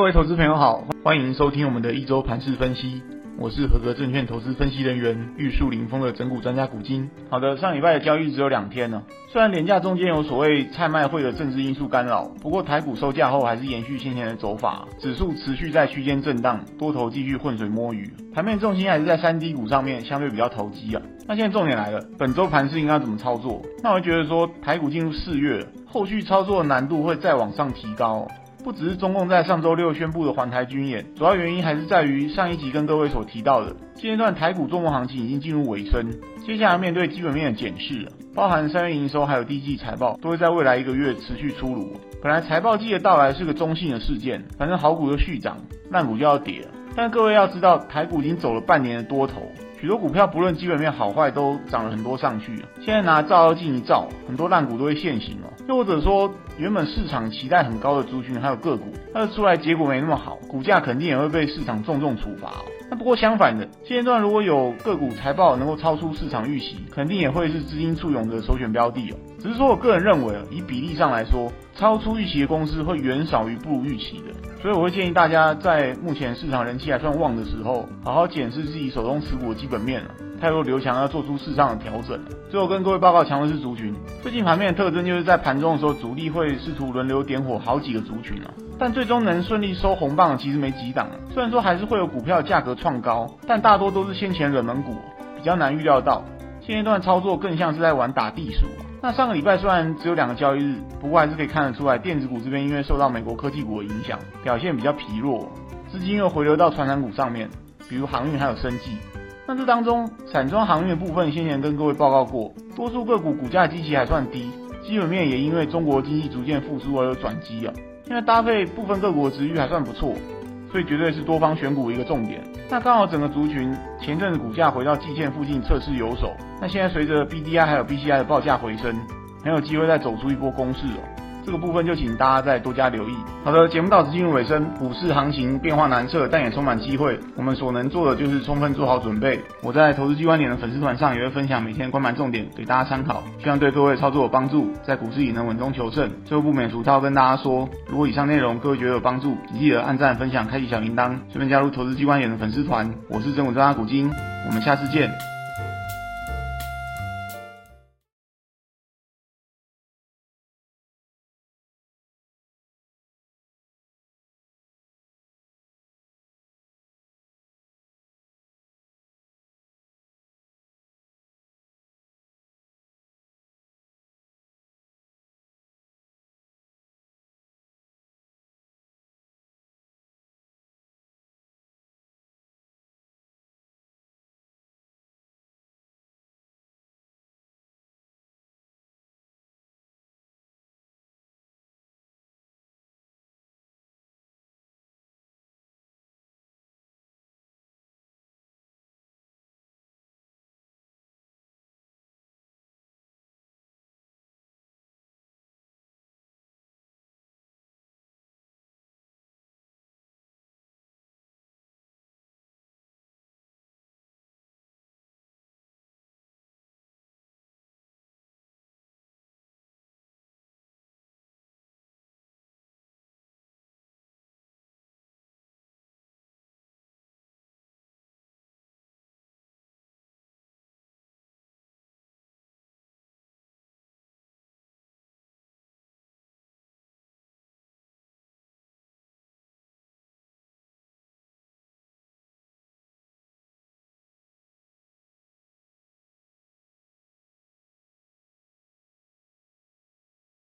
各位投資朋友好，歡迎收聽我們的一周盤勢分析。我是合格證券投資分析人員玉樹臨風的整股專家古今，拯股專家股晶。好的，上禮拜的交易只有兩天呢，雖然連假中間有所謂蔡麥會的政治因素干擾，不過台股收假後還是延續先前的走法，指數持續在區間震盪，多頭繼續渾水摸魚，盤面重心還是在三低股上面，相對比較投機啊。那現在重點來了，本周盤勢應該怎麼操作？那我覺得說台股進入四月，後續操作的難度會再往上提高。不只是中共在上週六宣布的環台軍演，主要原因還是在於上一集跟各位所提到的，現階段台股作夢行情已經進入尾聲，接下來面對基本面的檢視，包含三月營收還有第四季財報，都會在未來一個月持續出爐。本來財報季的到來是個中性的事件，反正好股又續漲，爛股就要跌了。但各位要知道，台股已經走了半年的多頭，許多股票不論基本面好壞都漲了很多上去。現在拿照妖鏡一照，很多爛股都會現形了。又或者說，原本市場期待很高的族群還有個股，它的出來結果沒那麼好，股價肯定也會被市場重重處罰。那不過相反的，現階段如果有個股財報能夠超出市場預期，肯定也會是資金簇擁的首選標的哦。只是說我個人認為以比例上來說，超出預期的公司會遠少於不如預期的，所以我會建議大家在目前市場人氣還算旺的時候，好好檢視自己手中持股的基本面了。汰弱留強要做出適當的調整。最後跟各位報告強弱勢族群，最近盤面的特徵就是在盤中的時候，主力會試圖輪流點火好幾個族群啊。但最終能順利收紅棒的其實沒幾檔，雖然說還是會有股票價格創高，但大多都是先前冷門股，比較難預料到。現階段操作更像是在玩打地鼠。那上個禮拜雖然只有兩個交易日，不過還是可以看得出來，電子股這邊因為受到美國科技股的影響，表現比較疲弱，資金又回流到傳產股上面，比如航運還有生技。那這當中，散裝航運的部分先前跟各位報告過，多數個股股價基期還算低，基本面也因為中國經濟逐漸復甦而有轉機了。因為搭配部分個股的殖利率還算不錯，所以絕對是多方選股一個重點。那剛好整個族群前陣子股價回到季線附近測試有守，那現在隨着 BDI 還有 BCI 的報價回升，很有機會再走出一波攻勢哦。這個部分就請大家再多加留意。好的，節目到此進入尾聲。股市行情變化難測，但也充滿機會。我們所能做的就是充分做好準備。我在投資 G 觀點的粉絲團上也會分享每天觀盤重點，給大家參考，希望對各位的操作有幫助，在股市也能穩中求勝。最後不免俗，要跟大家說，如果以上內容各位覺得有幫助，請記得按讚、分享、開啟小鈴鐺，順便加入投資 G 觀點的粉絲團。我是拯股專家股晶，我們下次見。